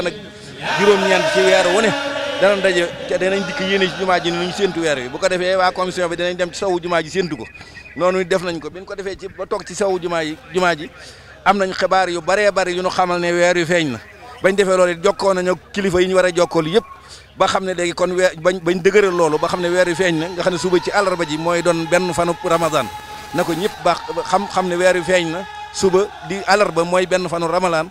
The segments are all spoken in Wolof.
fan ak juróom-ñeent ci weer wu ne danañ daje te danañ dikk yéene ci jumaa ji ni ñu séntu weer wi bu ko defee waa commission bi danañ dem ci sawu jumaa ji séntu ko noonu def nañ ko bi ko defee ba toog ci sawu jumaa yi jumaa ji am nañ xibaar yu baree bari yu nu xamal ne weer wi feeñ na bañ defee loolu it jokkoo nañu kilifa yi ñu war a jokkool yëpp ba xam ne léegi kon weer bañ bañ dëgëral loolu ba xam ne weer wi feeñ na nga xam ne suba ci àllarba ji mooy doon benn fanu ramadan na ko ñëpp baax xam xam ne weer wi feeñ na suba di àllarba mooy benn fanu ramadan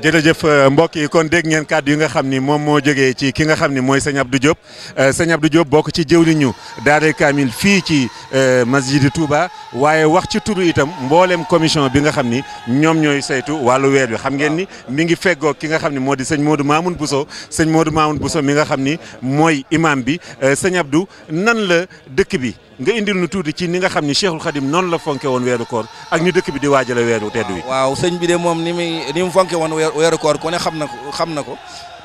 jërëjëf euh, mbokk yi kon dégg ngeen kàddu yi nga xam ni moom moo jógee ci ki nga xam ni mooy sëñ Abdou Diop euh, sëñ Abdou Diop bokk ci jëwriñu Daaray Kamil fii ci euh, masjidi Touba waaye wax ci turu itam mboolem commission bi nga xam ni ñoom ñooy saytu wàllu weer bi xam ngeen ni mi ngi feggoo ki nga xam ni moo di sëñ Modou Mamoun Bousso sëñ Modou Mamoun Bousso mi nga xam ni mooy imam bi sëñ Abdou nan la dëkk bi nga indil nu tuuti ci ni nga xam ni Cheikhul Khadim noonu la fonke woon weeru koor ak ñu dëkk bi di weeru tedd wi weer weeru koor ko ne xam na ko xam na ko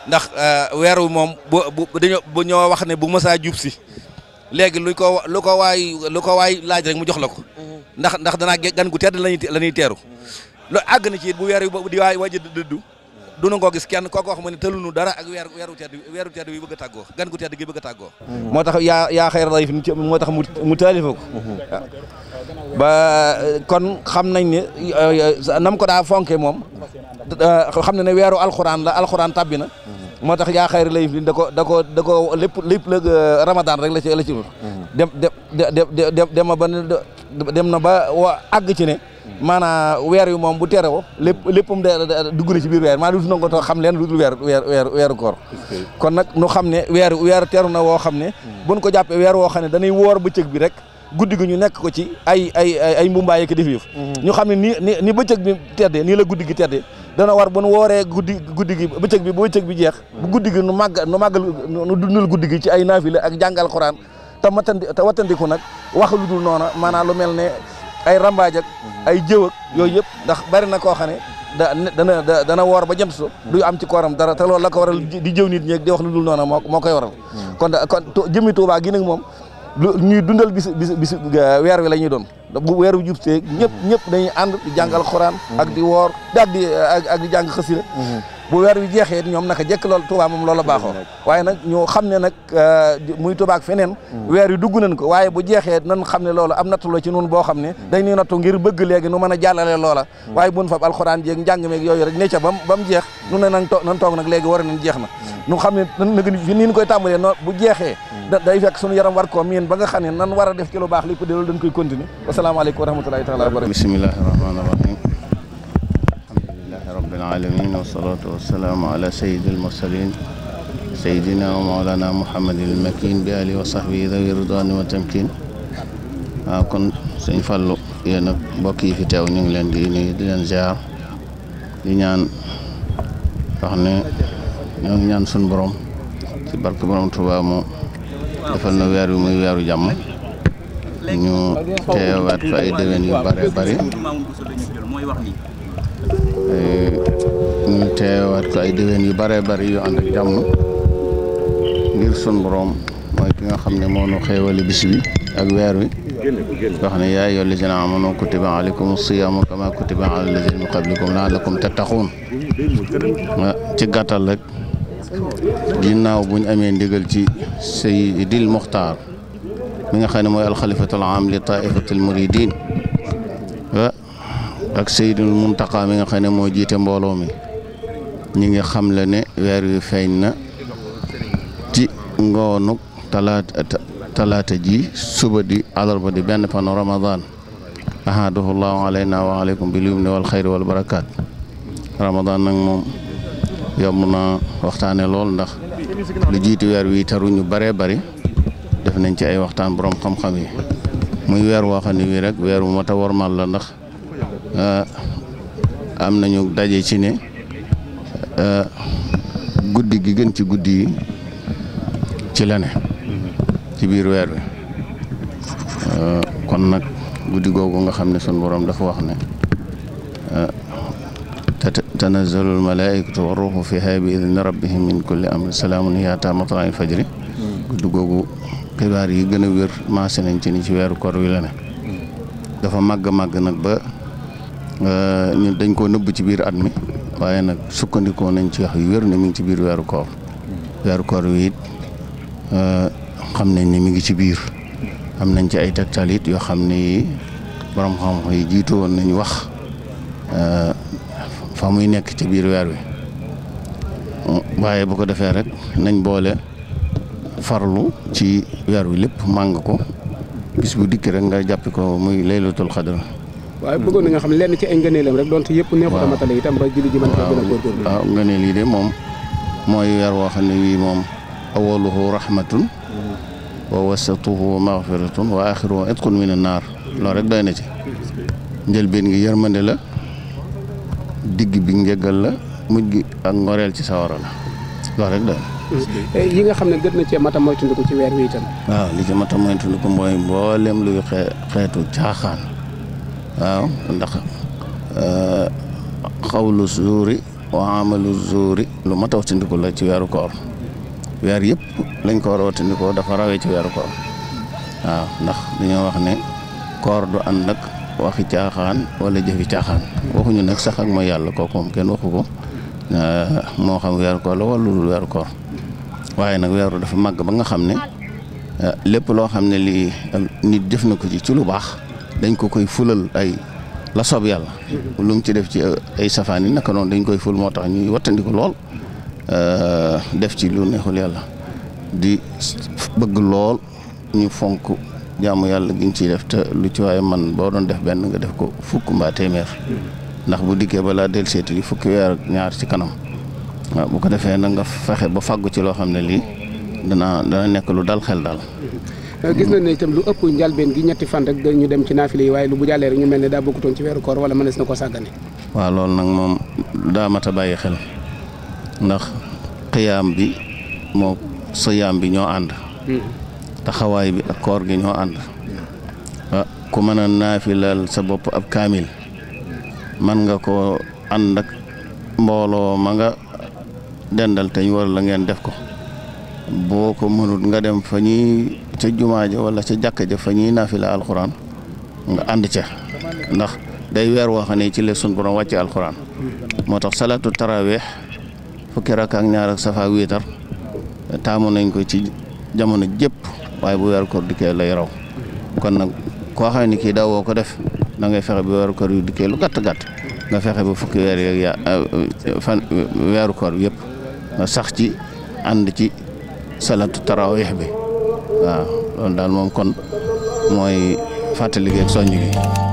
ndax eh, weeru wi moom bu bu dañoo bu ñoo wax ne bu mësaa jub si léegi lu ko lu ko waay lu ko waay laaj rek mu jox la ko. ndax ndax danaa gan gu tedd lañuy la ñuy teeru. loolu àgg na ci it bu weer wi di waay waaj a dëddu. du na ko gis kenn kooku wax ma ne tëlunu dara ak weer weeru tedd weeru tedd bi bëgg a tàggoo gan gu tedd gi bëgg a tàggoo. Mm-hmm. moo tax yaa yaa xayra dayfin moo tax mu mu taalifa ko. Mm-hmm. Ah. ba kon xam nañ ne euh, nam ko daa fonke moom euh, xam na ne weeru alxuraan la alxuraan tàbbi na moo tax yaa xayri lay fi da ko da ko da ko lépp lépp la euh, ramadan rek la ci la ci dem dem dem ba dem na ba wa àgg ci ne maanaam weer yu moom bu terewoo lépp léppam de dugg na ci biir weer maanaam du na ko toog xam leen lu dul weer weer weeru koor kon nag nu xam ne weer weer teru na woo xam ne buñ ko jàppee weer woo xam ne danay ba bëccëg bi rek guddi gi ñu nekk ko ci ay ay ay mhm. ñu xam ne ni ni bëccëg bi teddee nii la guddi gi teddee dana war bu nu wooree guddi guddi gi bëccëg bi bu bëccëg bi jeex mhm. bu guddi gi nu màgg nu màggal nu dundal guddi gi ci ay naafila ak jàngal xuraan te matandi te wattandiku nag wax lu dul noona maanaam lu mel ne ay rambaaj mhm. ay jëw ak yooyu yëpp ndax bari na koo xam ne da dana dana woor ba jëm so du am ci kooram dara ta lool la ko waral di jëw nit ñeeg di wax lu dul noona moo moo koy waral kon kon jëmmi Tuubaa gi nag moom lu ñuy dundal bis bis bis weer wi la ñuy doon bu weer wi jubtee ñëpp ñëpp dañuy ànd di jàngal xoraan ak di woor ak ak di jàng xasida mm-hmm. bu weer wi jeexee ñoom naka jëkk loolu Touba moom loola baaxoo waaye nag ñu xam ne nag euh, muy tubaak feneen mm. weer wi dugg nañ ko waaye bu jeexee nan xam ne loolu am nattu la ci nun boo xam ne mm. dañuy nattu ngir bëgg léegi nu mën a jàllale loola mm. waaye buñ fab alxuraan jéeg njàng meeg yooyu rek ne ca bam ba mu jeex nu ne nan toog nan toog nag léegi war nañ jeex na nu xam ne fi ni ñu koy tàmbalee no bu jeexee day fekk suñu yaram war koo miin ba nga xam ne nan war a def ci lu baax lépp de loolu dañ koy continuer wasalaamaaleykum wa rahmatulahi taala wa barakatu bismillahi rahmaani rabbil alamin wasalaatu wasalaamu ala sayidi almursalin sayidina mbokk yi fi teew ñu ngi leen di nuyu di di ñaan wax ne ñoo ngi ñaan suñu borom ci barke borom Tuubaa mu defal na weer wi muy weeru jàmm ñu teewaat fa ay déwén yu bare bari eh, ñu teewaat ko ay déwén yu bare bari yu ànd ak jàmm ngir sun mooy ki nga xam ne moo nu xéewale bis bi ak weer wi xam ne yaa ayyuhal lazina amanu kutiba alaykum siyaamu kama kutiba alal lazina min qablikum la'allakum ci gàttal rek ginnaaw buñ amee ndigal ci Seydil Muxtaar mi nga xam ne mooy alxalifatul aam li taifatil muridin ah, ak Seydil Muntaqa mi nga xam ne moo jiite mbooloo mi ñi ngi xam le ne weer wi feeñ na ci ngoonuk talaata ji suba di alarba di benn fanu ramadan ahaduhu llahu alayna wa aleykum bil yumni wal xayri wal barakaat ramadan nag moom yomb na waxtaane lool ndax lu jiitu weer wi taru ñu bare bari def nañ ci ay waxtaan borom xam-xam yi muy weer woo xam rek weer wu mat a wormal la ndax ah, am nañu daje ci ne Euh, guddi gi gën ci guddi yi ci lene mm-hmm. ci biir weer wi euh, kon nag guddi googu nga xam ne sunu boroom dafa wax ne euh, tanazzalul malaa'ikatu wa ruuhu fiihaa bi idni rabbihim min kulli amrin salaamun hiya hattaa matla'il fajri mm-hmm. guddi googu xibaar yi gën a wér maase nañ ci ni ci weeru kor wi la mm-hmm. dafa màgg màgg nag ba ñun dañ koo nëbb ci biir at mi waaye nag sukkandikoo nañ ci wax yu wér ne mi ngi ci biir weeru koor weeru koor wi euh, xam nañ ni mi ngi ci biir am nañ ci ay tegtal it yoo xam ne borom xam-xam yi jiitu woon nañ wax euh, fa muy nekk ci biir weer wi waaye bu ko defee rek nañ boole farlu ci weer wi lépp màng ko bis bu dikk rek nga jàppi ko muy laylatul xadar waaye bëggoon na nga xam lenn ci ay ngëneelam rek donte yëpp neexut a matale itam ngëneel yi de moom mooy weer woo xam ne wii moom awaluhu rahmatun wa wasatuhu maghfiratun wa axiruhu itqun min annaar loolu rek doy na ci njëlbeen gi yërmande la digg bi njëggal la mujj gi ak ngoreel ci sawara la loolu rek doy na eh, yi nga xam ne gën na cee mata moytandiku ci weer wi itam waaw li ci mata moytandiku mooy mboolem luy xeetu caaxaan waaw ndax euh, xawlu zuuri wa amalu zuuri lu ma tawtandiku la ci weeru koor weer yëpp lañ ko war a watandikoo dafa rawee ci weeru koor waaw ndax dañoo wax ne koor du ànd ak waxi caaxaan wala jëfi caaxaan waxuñu nag sax ak ma yàlla kooku moom kenn waxu ko moo xam weeru koor la wala lu weeru koor waaye nag weeru dafa màgg ba nga xam ne euh, lépp loo xam ne lii nit def na ko ci ci lu baax dañ ko koy fulal ay la soob yàlla lum ci def ci uh, ay safaan yi naka noonu dañ koy ful moo tax ñuy wattandiku lool uh, def ci lu neexul yàlla di bëgg lool ñu fonk jaamu yàlla gi ñu ciy def te lu ci waaye man boo doon def benn nga def ko fukk mbaa téeméer ndax bu dikkee balaa del seeti li fukki weer ñaar ci kanam waaw bu ko defee na nga fexe ba fàggu ci loo xam ne lii dana dana nekk lu dal xel daal Euh, gis nañ lu ëpp njalbeen gi ñetti fan rek ñu dem ci naafile yi waaye lu bu jàllee rek ñu mel ne daa bokkutoon ci weeru koor wala mënees na ko sàggane waaw loolu nag moom daa mat a bàyyi xel ndax xiyaam bi moo yaam bi ñoo ànd hmm. taxawaay bi ak koor gi ñoo ànd ah, ku mën a naafilal sa bopp ab kaamil man nga ko ànd ak mbooloo ma nga dendal te ñu war la ngeen def ko boo ko mënut nga dem fa ñuy ca jumaa ja wala ca jàkka ja fa ñuy naafila alxuraan nga ànd ca ndax day weer woo xam ne ci la sun borom wàcce alxuraan moo tax salaatu taraweex fukki rakk ak ñaar ak safa ak wiitar taamu nañ ko ci jamono jëpp waaye bu weer koor dikkee lay raw kon nag koo xam kii daawoo ko def da ngay fexe bi weeru koor yu dikkee nga fexe ba fukki weer yeeg yaa fan weeru yëpp nga sax ci ànd ci. salat tarawih bi waaw loolu daal moom kon mooy fàttali gi ak gi